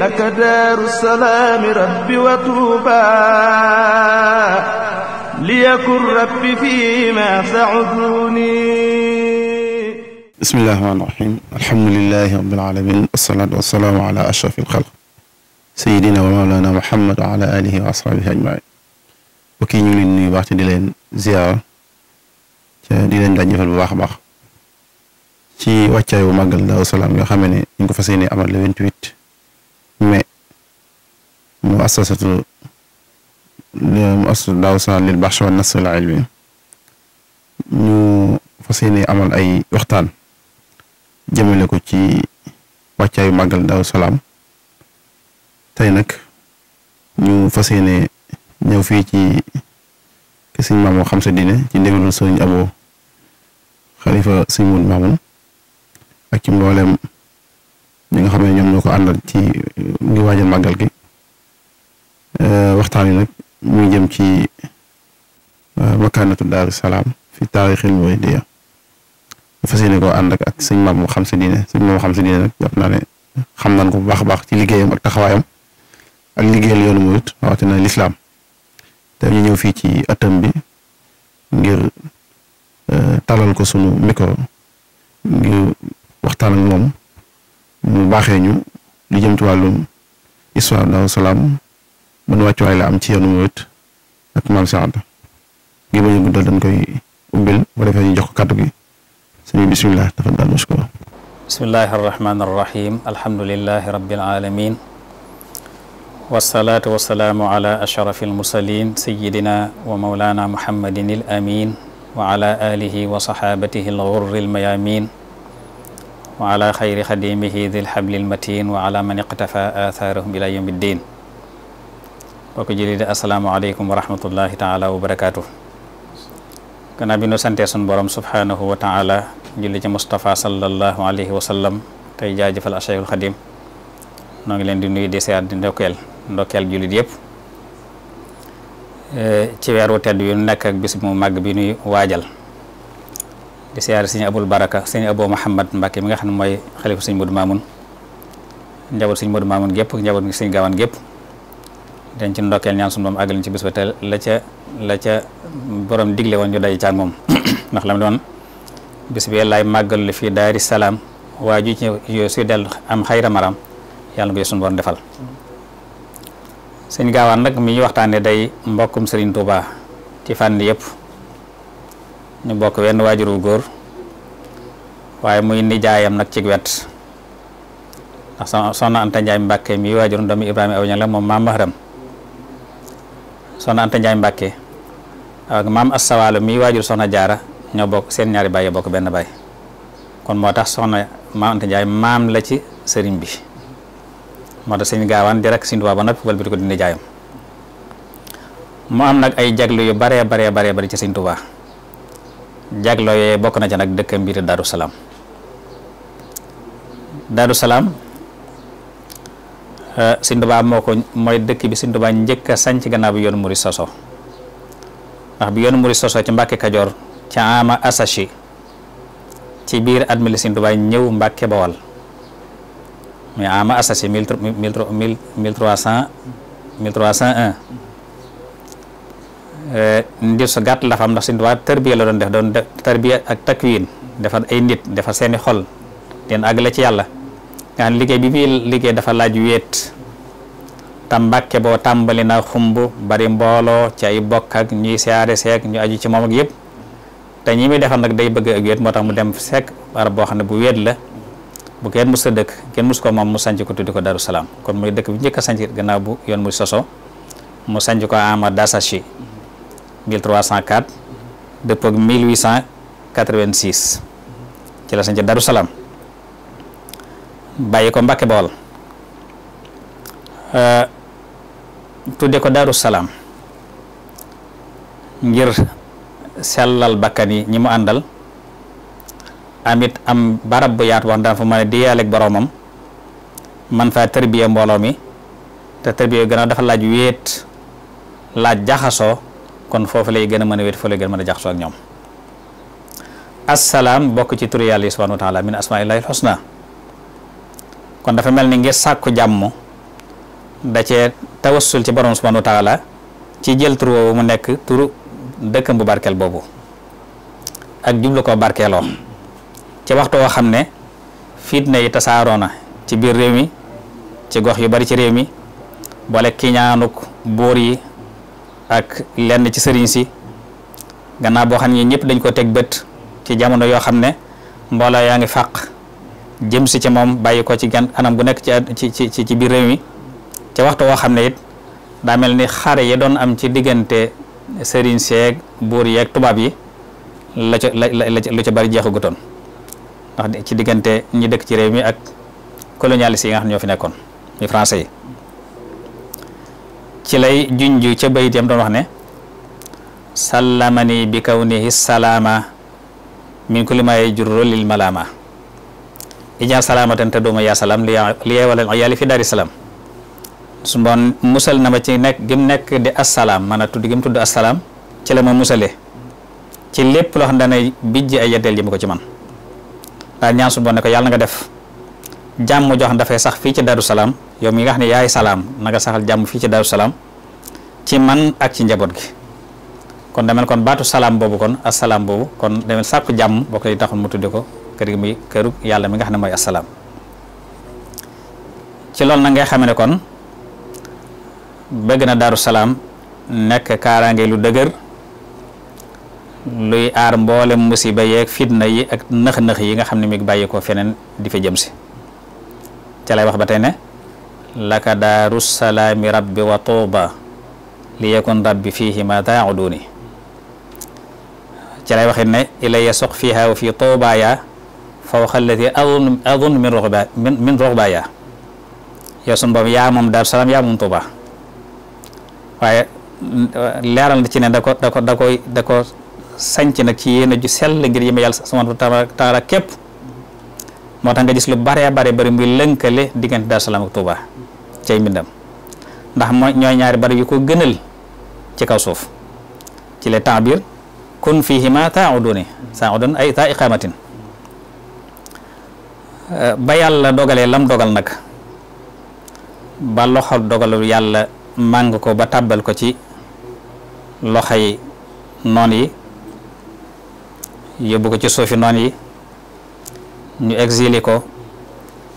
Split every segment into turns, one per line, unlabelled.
لك دار السلام رب وطوبى ليكن رب فيما سعدوني بسم الله الرحمن الرحيم الحمد لله رب العالمين والصلاة والسلام على أشرف الخلق سيدنا ومولانا محمد وعلى آله وأصحابه أجمعين وكي ñu leen nuyu baax ci di leen ziyaar di leen jaajëfal bu baax a baax ci wàccaay bu màggal Daaru Salaam yoo xam ne ñu ko fas yéene amal le 28 mais mu assasatu mu assasatu daaw sana lil baxsh wa nas wal ilmi ñu fas yéene amal ay waxtaan jëmale ko ci wàccaayu màggal daaw salaam tey nag ñu fas yéene ñëw fii ci ki suñ xam sa diine ci ndégalul sëriñ aboo xalifa suñ mun maamun ak ci mboolem ñi nga xam ne ñoom ñoo ko àndal ci uh, ngi waajal màggal gi uh, waxtaan yi nag ñu jëm ci uh, makaanatu daaru salaam fi taarixil muriidiyya fas yéene koo ànd ak ak sëñ maam mu xam si diine sëñ maam xam si diine nag jàpp naa ne xam nañ ko bu baax a baax ci liggéeyam ak taxawaayam ak liggéeyal yoonu murit rawatina lislaam te ñu ñëw fii ci atam bi ngir talal ko sunu micro ngir waxtaan ak moom. mu baaxee ñu jëm ci wàllum am ci yoonu murit ak maam Cheikh Anta ngir bañ guddal dañ koy ubbil bu defee ñu jox ko kàddu gi suñu bisimilah tafaddal mashkura
bismillahi arrahmani arrahim alhamdulilahi alamin wasalaatu wasalaamu wa maulana al amin al ghurri wa ala xayri xadimihi dil xablil matin wa ala man iqtafa athaarahum ila yawmi ddin bokk jëli di asalaamualeykum taala wa barakaatu gannaaw bi nu santee sun borom subhanahu wa taala julli ci Moustapha sallallahu alayhi wa sallam tey jaajëfal Cheikhul Xadim noo ngi di nuyu di seet di eh, ci weeru tedd yu nekk ak bis waajal di siyaare sëñ abul baraka sëñ abou Mouhamad Mbacke mi nga xam ne mooy xalifa sëñ Modou Mamoun njaboot sëñ Modou Mamoun gépp njaboot ngi sëñ Gaawaan gépp dañ ci ndokkeel ñaan suñu doom àggal ci bis te la ca la ca borom digle woon ñu day caag moom ndax lam doon bis bi laay màggal la fii daari salaam waa ju ci yooyu suy del am xayra maram yàlla nga ko suñu borom defal sëñ Gaawaan nag mi ñu waxtaanee day mbokkum Serigne Touba ci fànn yëpp. ñu bokk wenn waajur wu góor waaye muy nijaayam nag ci wet ndax soxna Anta Ndiaye Mbacke mi waajurum doomi Ibrahima aw ña la moom maam Mahram soxna Anta Ndiaye ak maam Assawaalo mi waajur soxna jaara ñoo bokk seen ñaari baay bokk benn baay kon moo tax soxna maam Anta Ndiaye maam la ci sëriñ bi moo tax sëriñ gaawaan di rek sëriñ ba noppi wal bi ko di nijaayam mu am nag ay jaglu yu bare baree baree bari ci sëriñ Tuubaa jagloo yooyu bokk na ca nag dëkk mbiri Daaru Salaam Daaru Salaam euh, Sëñ ko mooy dëkk bi Sëñ Tuubaa njëkk a sanc gannaaw bi yoonu muri soso ndax bi yoonu muri soso ci Mbàkke Kajoor ca ama asashi ci biir at mi la Sëñ ñëw Mbàkke Bawal muy ama asashi Eh, ndif sa gàtt la xam ndax Sëñ Tuubaa tarbiya la doon def doon tarbiya ak takwiin defar ay nit defar seeni xol leen la ci yàlla nga xam liggéey bi muy liggéey dafa laaj wéet te Mbàkke boo tàmbali na xumb bari mbooloo ci ay bokk ak ñuy siyaare seek ñu aju ci moom ak yëpp te ñi muy defar nag day bëgg ak wéet moo tax mu dem seek barab boo xam ne bu wéet la bu kenn mus a dëkk kenn mus ko moom mu sanc ko tuddi ko Daaru Salaam kon muy dëkk bi njëkk a sanc gannaaw bu yoon mu sanc ko Amar 1304 dëppook 1886 ci la sañc Daru Salaam bàyyi ko Mbàkke bool euh, tudde ko Daru Salaam ngir sellal bakkan yi ñi mu àndal amit am barab bu yaatu wax daan fa mën a diyaaleeg boroomam man faa tërbiya mbooloo mi te tërbiya gannaaw dafa laaj wéet laaj jaxasoo kon foofu lay gën a mën a wéet foofu lay gën a jaxasoo ak ñoom assalaam bokk ci turu yàlla yi subhanahu wa taala husna kon dafa mel ni ngir sàkku jàmm da cee tawassul ci borom subhanahu wa ci jël tur woowu mu nekk turu dëkkam bu barkeel boobu ak jublu ko barkeeloo ci waxtu xam ne fitna yi tasaaroo na ci biir réew mi ci gox yu bari ci réew mi boole kiñaanuk buur yi ak lenn ci sëriñ si gannaaw boo xam ne ñëpp dañ koo teg bët ci jamono yoo xam ne mbooloo yaa ngi fàq jëm si ci moom bàyyi ko ci gan anam gu nekk ci ci ci ci biir réew mi ca waxtu woo xam ne it daa mel ni xare yi doon am ci diggante sëriñ seek buur yeeg tubaab yi la ca la la lu ca bari jeexagutoon ndax ci diggante ñi dëkk ci réew mi ak colonialiste yi nga xam ñoo fi nekkoon ñu français yi ci lay junj ca bayit yam doon wax ne sallamani bi kawnihi salaama min kulli ma yajurru lil malama ijaa salaamatan taduma yaa salaam li yeewalal ayaali fi daari salaam su musal na ma ci nekk gim nekk di assalaam man a tudd gim tudd assalaam ci la ma musale ci lépp loo xam ne danay bijj ay yeddeel jëm ko ci man daal ñaan su ne ko yàlla nga def jàmm jox dafay sax fii ci Darou Salaam yow mi nga xam ne yaay salaam naga saxal jàmm fii ci Darou Salaam ci man ak ci njaboot gi kon demel kon baatu salaam boobu kon asalaam boobu kon demel sàkku jàmm bokk yi taxul mu tudde ko kër gi muy këru yàlla mi nga xam ne mooy asalaam ci loolu na ngay xamee ne kon bëgg na Darou Salaam nekk kaaraange lu dëgër luy aar mboolem musiba yeeg fitna yi ak nëx-nëx yi nga xam ne mi ngi bàyyi ko feneen di fa jëm si ca lay wax ba tey laka daaru rabbi wa tuuba li yakun rabbi fiihi ma taauduni ca lay waxit ne ilaya soq fiiha wa fi tuubaya fawqa allati adun min rugba min rugbaya yow sun boobu yaa moom daaru salaam yaa tuuba waaye leeral na ci ne da a ju sell ngir yima yàlla subhanahu wa taala moo tax nga gis lu baree bare bari muy lënkale diggante Daaru Salaam ak Touba cay mbindam ndax mooy ñooy ñaari bari yu ko gënal ci kaw suuf ci le temps biir kun fihima tauduni taudun ay ta iqamatin ba yàlla dogalee lam dogal nag ba loxo dogalu yàlla màng ko ba tàbbal ko ci loxo yi noon yi yóbbu ko ci suufi noon yi ñu exilé ko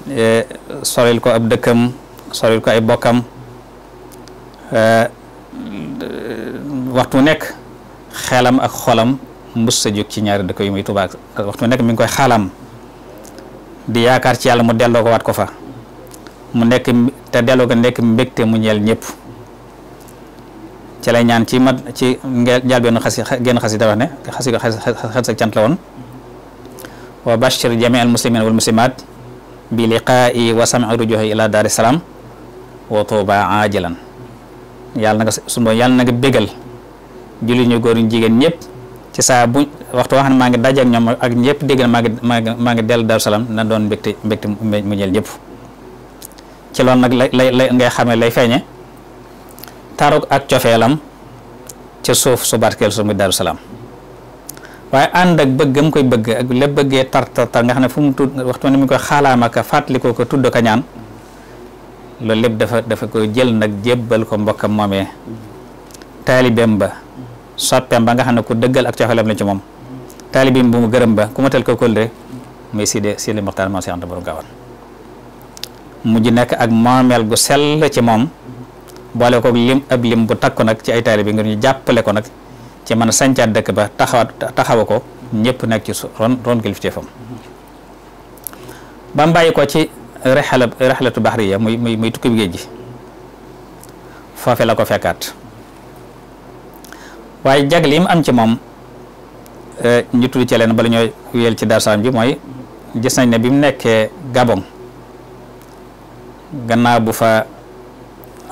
eh, soril ko ab dëkkam soril ko ay bokkam eh, waxtu nekk xelam ak xolam mbus sa jóg ci ñaari dëkk yu muy Tuubaa waxtu nekk mi ngi koy xaalam di yaakaar ci yàlla mu delloo ko waat ko fa mu nekk te delloo ko nekk mbégte mu ñeel ñëpp ci lay ñaan ci mat ci njëlbeenu xasi genn xasi da wax ne xasi ko xet sa cant la woon wa bashir jami al muslimin wal muslimat bi liqaa'i wa sam'i rujuhi ila daari salaam wa tuuba ajilan yàlla na nga sunu borom yàlla na nga ñu góor jigéen ñëpp ci saa bu waxtu wax ne maa ngi daje ak ñoom ak ñëpp déggal maa ngi maa ngi maa ngi dellu daari salaam na doon mbégte mbégte mu ñeel ñëpp ci lool nag lay lay ngay xamee lay feeñe taruk ak cofeelam ci suuf su barkeel su muy daari salaam waaye ànd ak bëggam koy bëgg ak la bëggee tar tar tar nga xam ne fu mu tudd waxtu ne mu koy xaalaama ka fàttalikoo ko tudd ko ñaan loolu lépp dafa dafa koy jël nag jébbal ko mbokkam moomee taalibeem ba soppeem ba nga xam ne ko dëggal ak cofeelam la ci moom taalibeem bu mu gërëm ba ku ma tel ko kóllëre muy Sidi Sidi Moxtaar Maam Seex Anta Borom Gaawaan mujj nekk ak moomeel gu sell ci moom boole ko lim ab lim bu takku nag ci ay taalibe ngir ñu jàppale ko nag ci man a sancaat dëkk ba taxawa taxawa ko ñëpp nekk ci ron ron kilifteefam ba bàyyi ko ci rexala rexalatu baxriya muy muy muy tukki bi géej gi foofe la ko fekkaat waaye jagle yi mu am ci moom e, ñu tudd ci leen bala ñoo wéyal ci darsaan bi mooy gis nañ ne bi mu nekkee Gabon gannaaw bu fa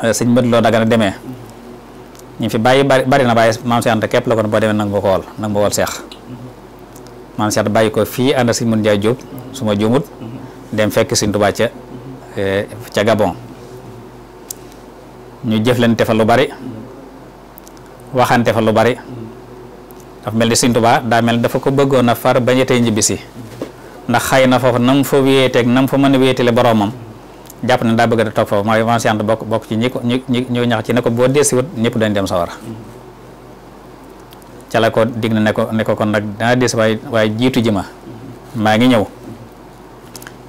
e, sëñ Mbëd Lo Dagana demee ñu fi bàyyi bari na bàyyi maam Cheikh Anta képp la kon boo demee nanga ba ko wol nanga ba wol seex maam Cheikh Anta bàyyi ko fii ànd ak Sëñ Mun Jaay Jóob su ma dem fekk Sëñ Tuubaa eh, ca Gabon ñu jëflante fa lu bari waxante fa lu bari dafa mel ni Sëñ Tuubaa daa mel ni dafa ko bëggoon a far bañ a tey ndax xëy na foofu nam fa wéeteeg nam fa mën a wéetale boroomam jàpp na daa bëgg a toog foofu mooy maam Cheikh bokk bokk ci ñi ko ñi ñi ñax ci ne ko boo deesiwut ñëpp dañ dem sawara ca la ko digg na ne ko ne kon nag danaa dees waaye waaye jiitu ji ma maa ngi ñëw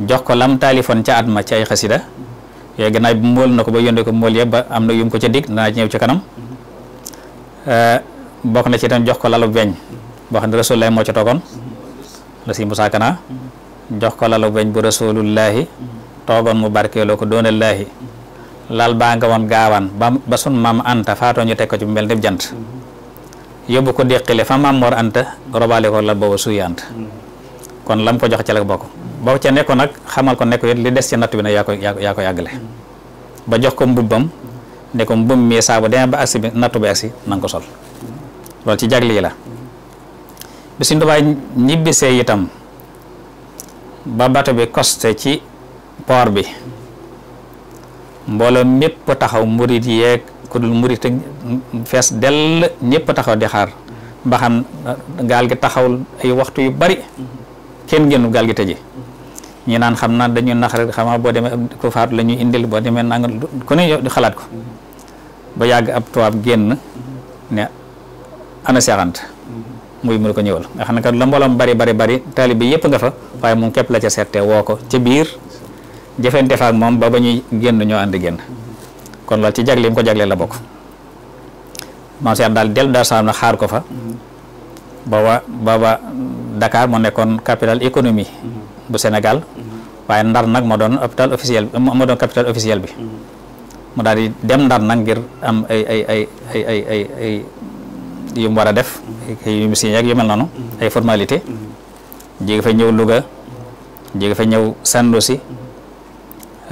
jox ko lam taalifoon ca at ma ci ay xasida na ko ba yónnee ko mool yëpp ba am na yum ko ca digg danaa ñëw ci kanam eh, bokk na ci itam jox ko lalu beñ boo xam ne rasululaahi moo ci toogoon la si musaakana jox ko lalu beñ bu rasulullaahi toogoon mu barkeeloo ko doonallaahi lal baa nga woon gaawaan ba sun maam anta faatoo ñu teg ci bu mel ni jant yóbbu ko déqile fa maam Mor anta robaale ko lal boobu suuy anta kon lam ko jox ca la bokk boo ca nekkoon nag xamal ko nekk li des ci natt bi nag yaa ko yaa ko ba jox ko mbubbam ne ko mbubb mi saabu demee ba agsi bi nattu bi agsi nanga ko sol loolu ci jagli la bi tubaay ñibbisee itam ba bato bi costé ci port bi mbooloo mépp taxaw murit yeeg ko dul murit fees dell ñépp taxaw di xaar ba gaal gi taxawul ay waxtu yu bari kenn génnu gaal gi tëji ñi naan xam naa dañu nax rek xamaa boo demee ku faatu la ñuy indil boo demee nanga ko ne di xalaat ko ba yàgg ab tubaab génn ne ana seexant muy ko ñëwal nga xam ne ka la mbooloom bari bari bari taalibe yëpp nga fa waaye moom képp la ca seetee woo ko ca biir jëfante fa ak moom ba ba ñuy génn ñoo ànd génn kon loolu ci jagleem ko jagleel la bokk maam Cheikh daal dellu daal salaam na xaar ko fa booba booba dakaar moo nekkoon capitale économie bu Sénégal waaye Ndar nag moo doon hôpital officiel bi moo doon capitale officiel bi mu daal di dem Ndar nag ngir am ay ay ay ay ay ay war a def yu mu signé ak yu mel ay formalité jéegi fa ñëw Louga jéegi fa ñëw sando si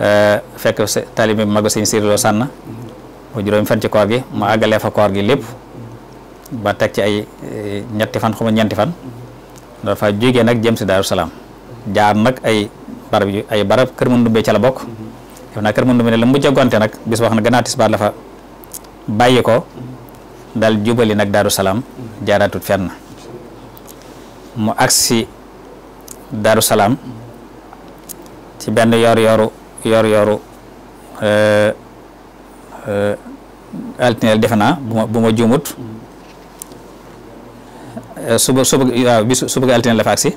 Eh, fekk taalibe bi mag sëñ Sirilo Sànn ba juróomi fan ci koor gi mu àggalee fa koor gi lépp ba teg ci ay eh, ñetti fan xuma ñeenti fan dafa jógee nag jëm si Daaru Salaam jaar nag ay barab yu ay barab kër Mandoumbe ca la bokk def naa kër Mandoumbe la mujj a gonte wax na gannaaw tisbaar la fa bàyyi nag Daaru Salaam jaaraatut fenn mu agsi Daaru ci benn yor-yoru yor-yoru euh, euh, altine defe naa bu ma bu ma juumut euh, suba suba waaw bi suba gi altine la fa agsi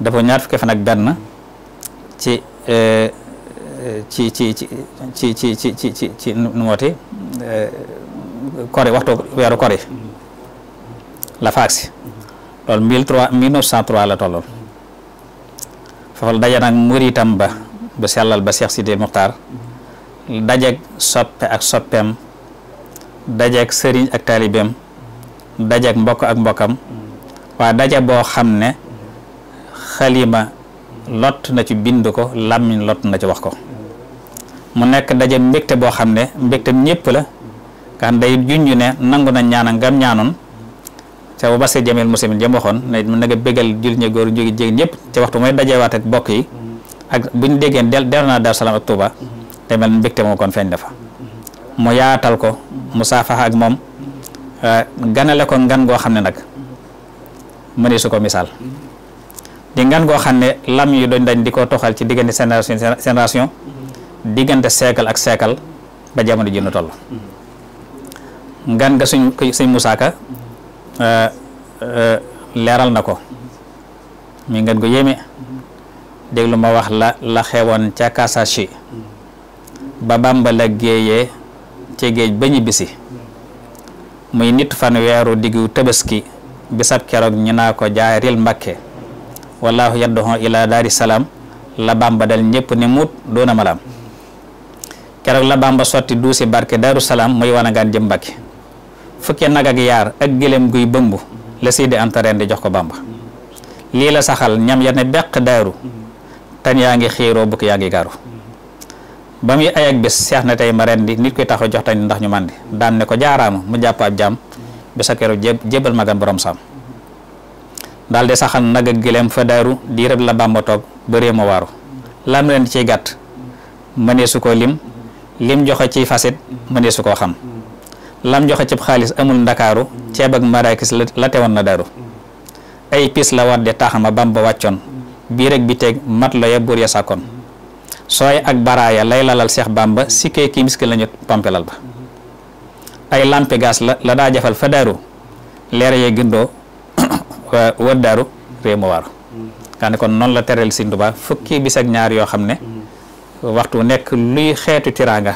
dafa ñaar fukki fan benn ci ci ci ci ci ci ci ci ci ci nu mooti kori waxtu weeru kori la fa agsi loolu mille trois mille neuf cent trois la tolloon foofu daje nag muritam ba bu sellal ba Cheikh Sidi Muxtaar dajeeg soppe ak soppeem dajeeg sëriñ ak taalibeem dajeeg mbokk ak mbokkam waaye daje boo xam ne xalima lott na ci bind ko làmmiñ lott na ci wax ko mu nekk daje mbégte boo xam ne mbégtem ñëpp la nga xam day junj ne nangu na ñaana ngam ñaanoon ca bu basee jameel muslimin jëm waxoon na nga bégal jul ñi góor jógi jégin ca waxtu mooy dajewaat ak bokk yi ak bu ñu déggee del dellu naa Daaru Salaam ak Touba day mel mbégte moo kon feeñ dafa mu yaatal ko mu saafaxa ak moom eh, ganale ko ngan goo xam ne nag mënee su ko misaal di ngan goo xam ne lam yu doon dañ di ko toxal ci diggante génération génération diggante siècle ak siècle ba jamono ji nu toll ngan nga suñ suñ Musaa Ka eh, eh, leeral na ko muy ngan gu yéeme déglu ma wax la la xewoon ca Kasashi ba Bàmba la géeyee ci géej ba ñibbisi muy nit fan diggu tabaski bisab keroog ñu naa ko jaaril Mbàkke wallaahu yadduhu ila daari salaam la Bàmba dal ñëpp ni muut doona keroog la Bàmba sotti duusi barke Daaru Salaam muy wanagaan jëm Mbàkke fukki nag ak yaar ak gëléem guy bëmb la Sidi Anta di jox ko Bàmba lii la saxal ñam ya ne beq daaru tan yaa ngi xiiroo bukk yaa ngi gaaru ba muy ay ak bés seex na tey ma ren di nit koy taxaw jox tañ ndax ñu màndi daan ne ko jaaraama mu jàpp ab jaam bés ak keroog jébbal magam borom saam daal di nag ak gileem fa daaru di la bàmba toog bëree ma waaru lam leen ciy gàtt ne su koo lim lim joxe ciy fasit ne su koo xam lam joxe cib xaalis amul ndakaaru ceeb ak marakis la tewoon na daaru ay piis la war di taxama bàmba wàccoon bii rek bi teeg mat la ya buur ya sàkkoon sooy ak baraaya lay lalal Seex Bàmba si kay kii miski lañu pompelal ba ay lampe gas la la daa jafal fa daaru leer yee gindoo wa daaru réew ma waaru nga ne kon noonu la teral Sëñ Tuubaa fukki bis ñaar yoo xam ne waxtu nekk luy xeetu tiraanga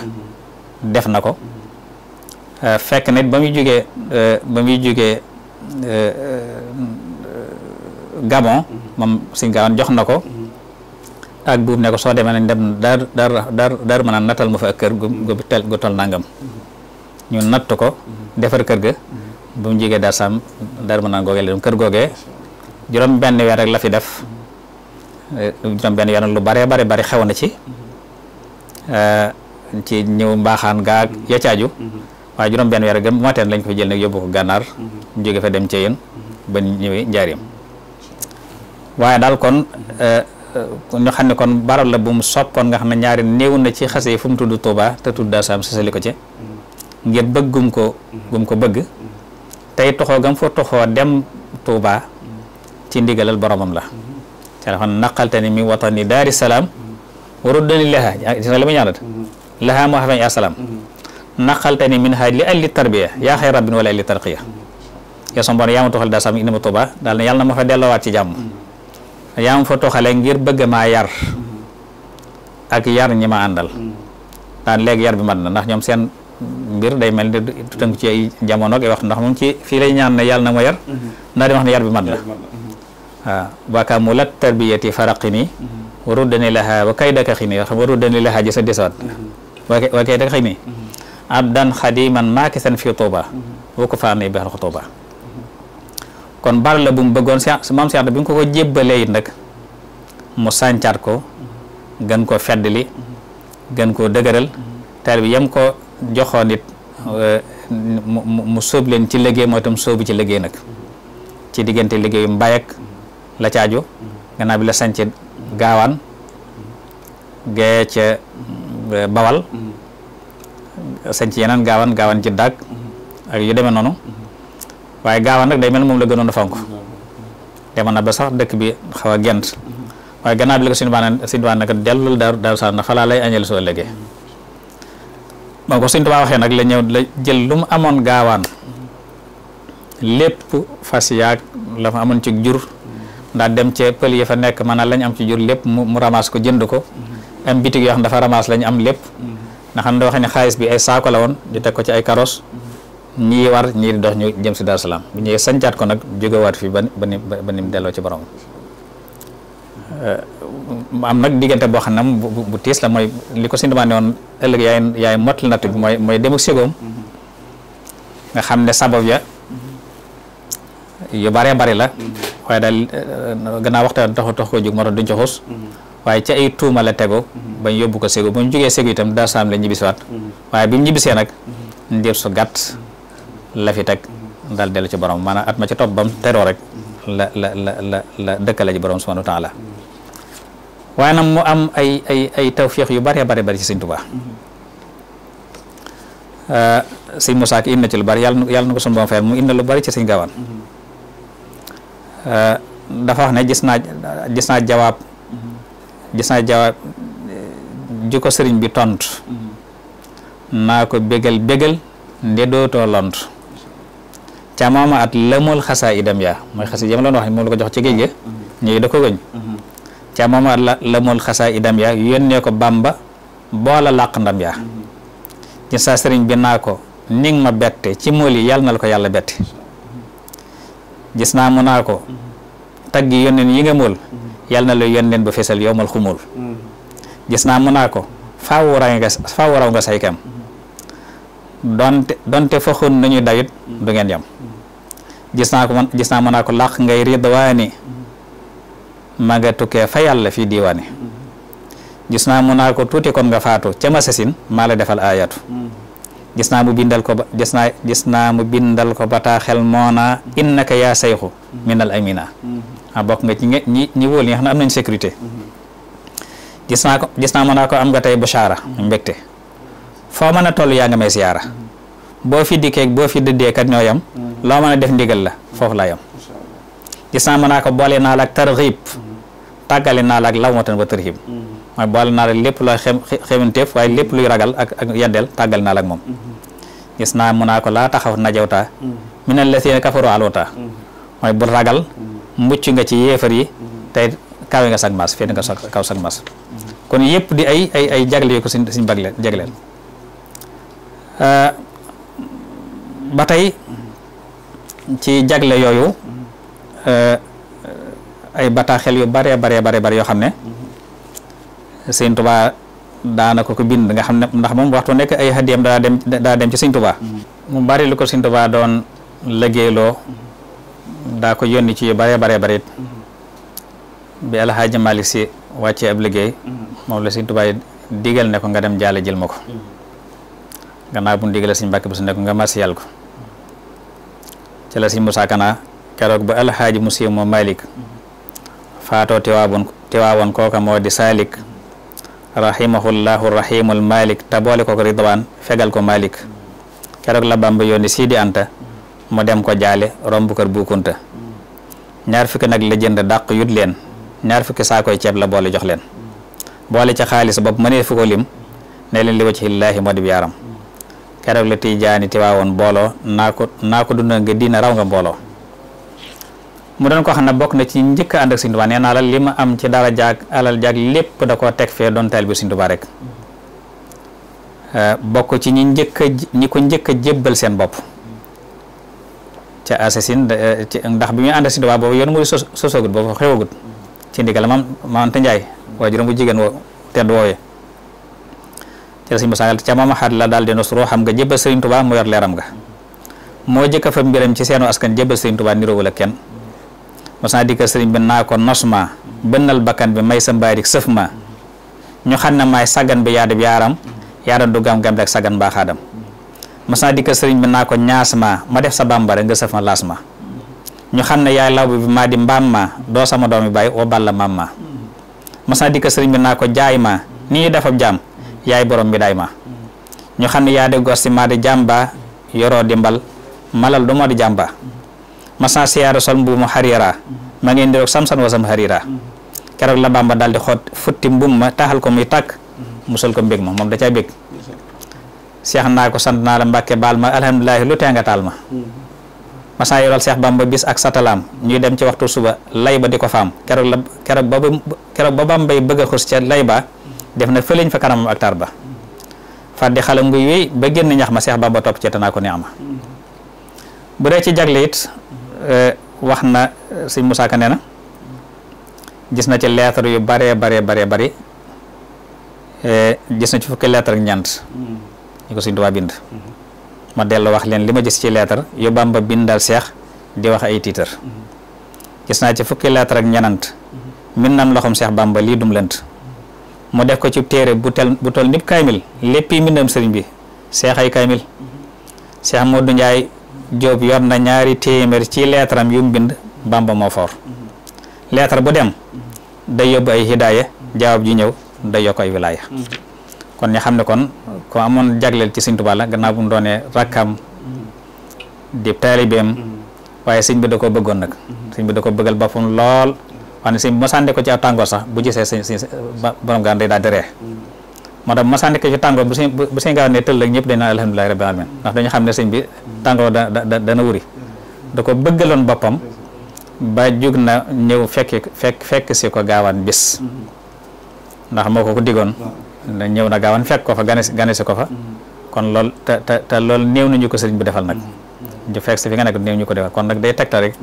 def na ko euh, fekk nit ba muy jógee euh, ba muy jógee euh, Gabon moom Sëñ Gaawaan jox na ko ak buub ne ko soo demee nañ dem daar daar daar daar mën a nattal ma fa ak kër gu tel gu tol nangam ñu natt ko defar kër ga bu mu jigee daar saam daar mën googee la kër googee juróom benn weer ak la fi def eh, juróom benn weer lu bare bare bari xew na ci eh, ci ñëw mbaaxaan gaag ya caaju waaye juróom benn weer gëm mooteen lañ ko fi jël nag yóbbu ko gànnaar ñu jóge fa dem ci yéen ba ñëwee njaarim waaye daal kon euh, ñu xam ne kon baral la bu mu soppoon nga xam ne ñaari néew na ci xase yi fu mu tudd Touba te tudd Daaru Salaam sasali ko ci ngir bëggum ko gum ko bëgg tey toxoo gam fa toxoo dem Touba ci ndigalal boromam la ca la xam naqalte ni mi watani daari salaam waruddani laha gis nga li ma ñaanat laha moo xafen yaa salaam naqalte ni min haaj li alli tarbiya yaa xay rabbin wala alli tarqiya yow sama borom yaa ma toxal Daaru indi ma Touba daal ne yàlla na ma fa delloowaat ci jàmm yaa fa toxale ngir bëgg maa yar mm-hmm. ak yar ñi ma àndal mm-hmm. daan léegi yar bi mat na ndax ñoom seen mbir day mel ni tënk ci ay jamono ak waxtu ndax moom ci fii lay ñaan ne yàlla na ma yar mm-hmm. ndax di wax ne yar bi mat na
waaw
baka mu lat tarbiyati faraqini waruddani laha wa kay daka xini wa ruddani laha jësa desaat wa kay daka xini abdan xadiman maakisan fii tuuba wa ko faani bexal ko tuuba kon bari la bu mu bëggoon si maam Cheikh bi mu ko ko jébbalee it nag mu sàncaat ko gën ko feddali gën koo dëgëral taal bi yam ko joxoon it mu sóob leen ci liggéey mooy itam sóobu ci liggéey nag ci diggante liggéeyu mbay ak la caaju gannaaw bi la sànci gaawaan gee ca eh, bawal sànci yeneen gaawaan gaawaan ci dàgg ak yu demee noonu waaye gaawaan nag day mel moom la gënoon a fonk demoon ba sax dëkk bi xaw a gent waaye gannaaw bi la ko suñu baan suñu baan nag dellul daaru daaru sax na falaa lay añel soo lëggee moom ko suñu tubaa la ñëw la mu amoon gaawaan lépp fas yaag amoon ci jur ndax dem cee pël yi fa nekk maanaam lañ am ci jur lépp mu mu ramaas ko jënd ko am bitig yoo xam dafa ramaas lañ am lépp ndax xam ne waxee ne xaalis bi ay saako la woon di teg ko ci ay karos ñii war ñii di dox ñu jëm si Daaru Salaam bu ñëwee sancaat ko nag jógewaat fii ba ba ba ni mu delloo ci borom euh, nag diggante boo xam bu tiis la mooy li ko si demandé woon ëllëg yaay yaay mottali natt bi mooy mooy dem ak ségoom nga xam ne sabab ya yu bare bari la waaye daal euh, gannaaw waxtaan taxu tax ko jóg moo tax duñ ci xuus waaye ci ay tuuma la tego bañ yóbbu ko ségo bu ñu jógee ségo itam Daaru Salaam la ñibbisiwaat mm-hmm. waaye bi ñibbisee nag mm-hmm. ndir su gàtt la fi teg daal dellu ci borom maanaam at ma ci topp bam teroo rek la la la dëkkale ji borom subhanahu wa taala waaye nag mu am ay ay ay yu bëree bëri bëri ci Sëñ Tuubaa euh, Sëñ Musaa Ka inna ci lu bëri yàlla yàlla na ko sunu borom mu inna lu bëri ci Sëñ Gaawaan euh, dafa wax ne gis naa gis naa jawaab gis naa jawaab euh, ji ko sëriñ bi tontu mm-hmm. naa ko bégal bégal nde dootoo lont ca mooma at lamul xasaa idam yaa mooy xas yi jam wax moom la ko jox ci géej ga mm-hmm. ñuy da ko gëñ mm-hmm. ca mooma at lamul xasaa idam yaa yónnee ko bàmba boola làq ndam yaa ci saa naa ko ci mool yi yàlla ko yàlla bette mm-hmm. gis naa mu naa ko tagg yónneen yi nga mool yàlla na la yónneen ba feesal yomal xumul gis naa mu naa ko faaw raw nga faaw raw nga say donte donte faxoon nañu dawit du ngeen yam gis naa ko man naa mën naa ko làq ngay ridwaani ma nga tukkee fa yàlla fii diwaani gis naa mën naa ko tuuti kon nga faatu ca masasin maa la defal aayatu gis naa mu bindal ko ba gis naa gis naa mu bindal ko bataaxel moona innaka yaa sayxu minal amina a ah, bokk nga ci ñi ñi wóol ñi xam ne am nañ sécurité gis naa ko gis naa mën naa ko am nga tey bushara mbégte foo mën a toll yaa nga may siyaara boo fi dikkee boo fi dëddee kat ñoo yam loo mën a def ndigal la foofu la yam gis naa mën naa ko boole naa la ak tarxiib tàggale naa la ak lawmatan wa tarxiib mooy boole naa la lépp looy xem xemanteef waaye lépp luy ragal ak ak yeddeel tàggale naa la ak moom gis naa mun naa ko laa taxaw najawtaa la allaziina kafaru alwata mooy bul ragal mucc nga ci yéefar yi tey kawe nga sag mas féet nga kaw sag mas kon yëpp di ay ay ay jagle yu ko suñ suñ bagle jagleel Euh, ba tey ci jagle yooyu euh, ay bataaxel yu bare bare bare bare yoo xam ne sëñ Tuubaa daana ko ko bind nga xam ne ndax moom waxtu nekk ay hadiyam daa dem daa dem ci sëñ Tuubaa mu bari lu ko sëñ Tuubaa doon liggéeyloo daa ko yónni ci yu bare bare bare it bi Alxaaji Malik Si wàccee ab liggéey moom la sëñ Tuubaa digal ne ko nga dem jaale jël ma ko gannaaw bu ñu digalee suñ mbàkk bi su nekk nga marsiyal ko ci la si Moussa Kana keroog ba alxaaji monsieur moom Malick faatoo tiwaawoon kooka moo di Salik rahimahullahu rahimul Malick te boole ko ko Ridwaan fegal ko Malick keroog la Bamba yónni Sidi Anta mu dem ko jaale romb kër Bukunta ñaar fukki nag la jënd dàq yut leen ñaar fukki saakoy ceeb la boole jox leen boole ca xaalis bopp mënee fu ko lim ne leen li wacc illaahi moo bi yaaram keroog la tijaani tiwaawoon booloo naa ko naa ko na nga diina raw nga mbooloo mu doon ko xam ne bokk na ci njëkk a ànd ak Sëñ Tuubaa nee li ma am ci dara jaag alal jaag lépp da koo teg fee doon taalibe Sëñ rek eh, bokk ci ñi njëkk a ñi njëkk a seen bopp ca assasine eh, ndax bi muy ànd ak Sëñ Tuubaa boobu yoon mu sosogut boobu xewagut ci ndigal mam mam te Njaay waajuram bu jigéen wo woowee ci la sëñ Moussa ca Maam Xaar la daal di nos ruuxam nga jébbal Serigne Touba mu yor leeram nga moo jëkk fa mbiram ci seenu askan jébbal Serigne Touba niroowul ak kenn mos naa dikkal Serigne bi naa ko nos ma bënnal bakkan bi may sa mbaarik sëf ma ñu xam ne maay saggan bi yaadab yaaram yaaram du gam-gam rek saggan mbaaxaadam mos naa dikkal Serigne bi naa ko ñaas ma ma def sa bambara nga sëf ma laas ma ñu xam ne yaay law bi maa di mbaam ma doo sama doom bàyyi wa balla maam ma mos naa dikkal Serigne bi naa ko yaay borom bi day ma ñu xam ne yaa di gorsi maa di jàmba yoroo di mbal malal du moo di jàmba masan siyaara sol mbuumu xarira ma ngeen di roog samsan wasam xarira keroog la ba daal di xoot futti mbuum ma taxal ko muy tàkk musal ko mbég ma moom da caa bég seex naa ko sant naa la mbàkke baal ma alhamdulilahi lu tee ma masaa yoral seex bamba bis ak satalaam ñuy dem ci waxtu suba lay ba di ko faam keroog la keroog ba keroog ba bëgg def na fëleñ fa kanamam ak tar ba fàddi xala nguy wéy ba génn ñax ma seex bamba topp ci tanaa ko neex ma bu dee ci jagle it eh, wax na eh, si Musaa ne na gis na ci leetar yu bare bare bare bari eh, gis na ci fukki leetar ak ñeent ñu ko sëñ Tuubaa bind ma dellu wax leen li ma gis ci leetar yu Bàmba bindal seex di wax ay gis naa ci fukki leetar ak ñenant min loxom seex Bàmba lii dum lënt mu def ko ci téere bu tel bu tol nit kaamil léppi mbindam sëriñ bi seex ay kaamil seex Modou Ndiaye Diop yor na ñaari téeméer ci leetaram yu mu bind Bamba moo foor leetar bu dem day yóbbu ay hidaaya jawaab ji ñëw day yokk ay wilaaya kon ñu xam ne kon ko amoon jagleel ci sëñ Tuubaa la gannaaw bu mu rakkam di taalibeem waaye sëñ bi da koo bëggoon nag sëñ bi da ko bëggal boppam lool wax ne si bu ma sànni ko ci ab tàngoor sax bu gisee sëñ sëñ borom gaan day daal di ree moo tax bu ko ci tàngoor bu si bu sëñ gaan ne tëll ak ñëpp dañ naan alhamdulilahi rabbil alamin ndax dañu xam ne da da dana wuri da ko bëggaloon boppam ba jug na ñëw fekki fekk fekk si ko gaawaan bis ndax moo ko ko digoon ñëw na gaawaan fekk ko fa gane si gane si ko fa kon loolu te te te loolu néew nañu ko sëriñ bu defal nag ñu fekk si fi nga nekk néew ñu ko defal kon nag day tegtal rek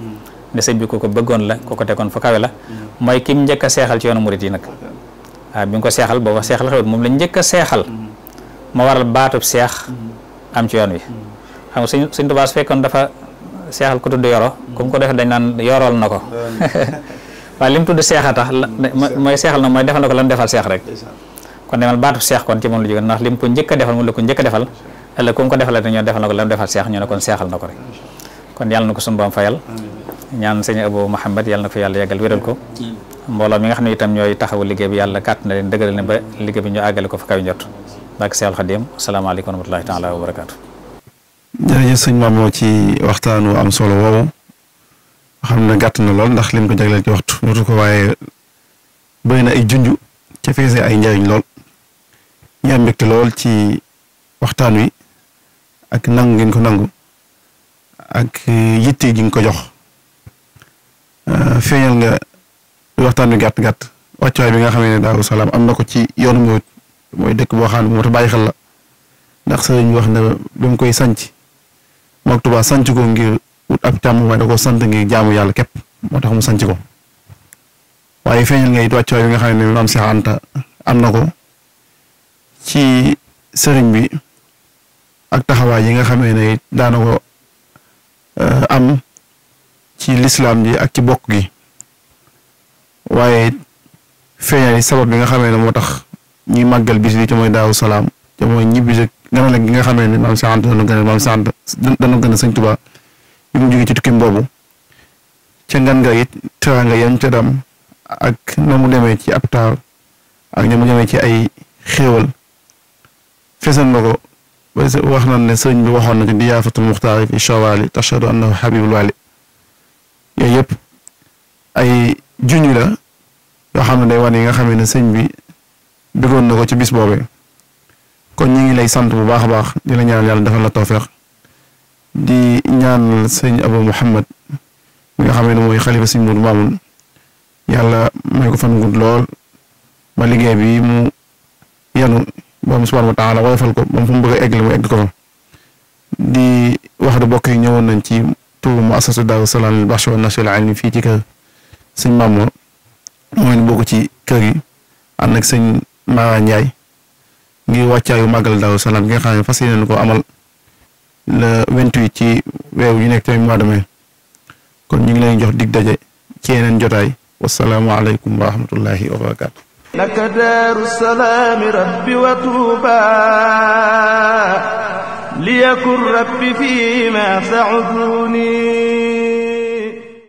ne sëñ bi ku ko bëggoon la ku ko tegoon fu kawe la mooy kim njëkk a seexal ci yoonu murit yi nag waaw bi nga ko seexal booba seexal xewut moom lañ njëkk a seexal ma waral baatub seex am ci yoon wi xam nga suñ suñ tubaab su dafa seexal ku tudd yoro comme ko defee dañ naan yorool na ko waaye li mu tudd seex a tax mooy seexal na mooy defal na ko lan defal seex rek kon demal baatub seex kon ci moom la jóge ndax li mu ko njëkk a defal la ko njëkk a defal ëllëg ku mu ko defal la ñoo na ko lan defal seex ñu ne kon seexal na ko rek kon yàlla na ko suñu fayal ñaan sëñ Abou Mouhamed yàlla na ko yàlla yàggal wéral ko mbooloo mi nga xam ne itam ñooy taxawu liggéey bi yàlla kàtt na leen dëgëral ne ba liggéey bi ñu àggale ko fa kaw njot bak si alxadim asalaamaaleykum wa rahmatullahi taala wa barakaatu
jërëjëf sëñ Mamoo ci waxtaan wu am solo woowu xam ne gàtt lool ndax lim ko jagleel ci waxtu motu ko waaye bëri na ay junj ca feese ay njariñ lool ñu am lool ci waxtaan wi ak nangu ngeen ko nangu ak yitte gi ko jox Euh, feeñal nga waxtaan wi gàtt gàtt wàccuwaay bi nga xam ne Daaru Salaam am na ko ci yoonu mooy mooy dëkk boo bàyyi xel la ndax sëriñ bi wax na ba koy sanc moog Tuubaa sanc ko ngir ab tàmm waaye sant ngir jaamu yàlla képp moo tax mu sanc ko waaye feeñal nga it wàccuwaay bi nga xam ne Maam Seex Anta am na ko ci sëriñ bi ak taxawaay yi nga xamee ne daana ko euh, am ci lislaam ji ak ci bokk gi waaye feeñal yi sabab bi nga xamee ne moo tax ñuy màggal bis bi ci mooy daaw salaam te mooy ñibbi si ganale gi nga xamee ne maam sant danu gën a sant danu gën a sëñ Tuubaa mu jógee ci tukkim boobu ca ngan nga it teraanga yam ca dam ak na mu demee ci ab taar ak na mu demee ci ay xéewal fesan na ko wax nan ne sëñ bi waxoon na ci diyaafatul muxtaari fi chawaali tashhadu annahu xabibul waali yooyu yëpp ay juñu la yoo xam ne day wane yi nga xamee ne sëñ bi bëggoon na ko ci bis boobee kon ñu ngi lay sant bu baax a baax di la ñaanal yàlla defal la toofeex di ñaanal sëñ Abou Mouhamed mi nga xamee ne mooy xalifa si Mourou Mamoun yàlla may ko fan gudd lool ma liggéey bi mu yanu boom subhaanahu wa taala woyofal ko moom fu mu bëgg egg la mu egg ko fa di wax du bokk yi ñëwoon nañ ci. Touba muassasatu Daaru Salaam lil Bahthi wa Nashri al Ilmi fii ci kër sëñ Mamour mooy bokk ci kër yi ànd ak sëñ Mara Ndiaye ngir wàccaayu màggal Daaru Salaam gi nga xam ne fas ko amal le vingt-huit ci weeru yi nekk tamit mois de mai kon ñu ngi leen jox dig daje ci yeneen jotaay wasalaamu aleykum wa rahmatullahi wa barakaatu. ليكن رب فيما سعدوني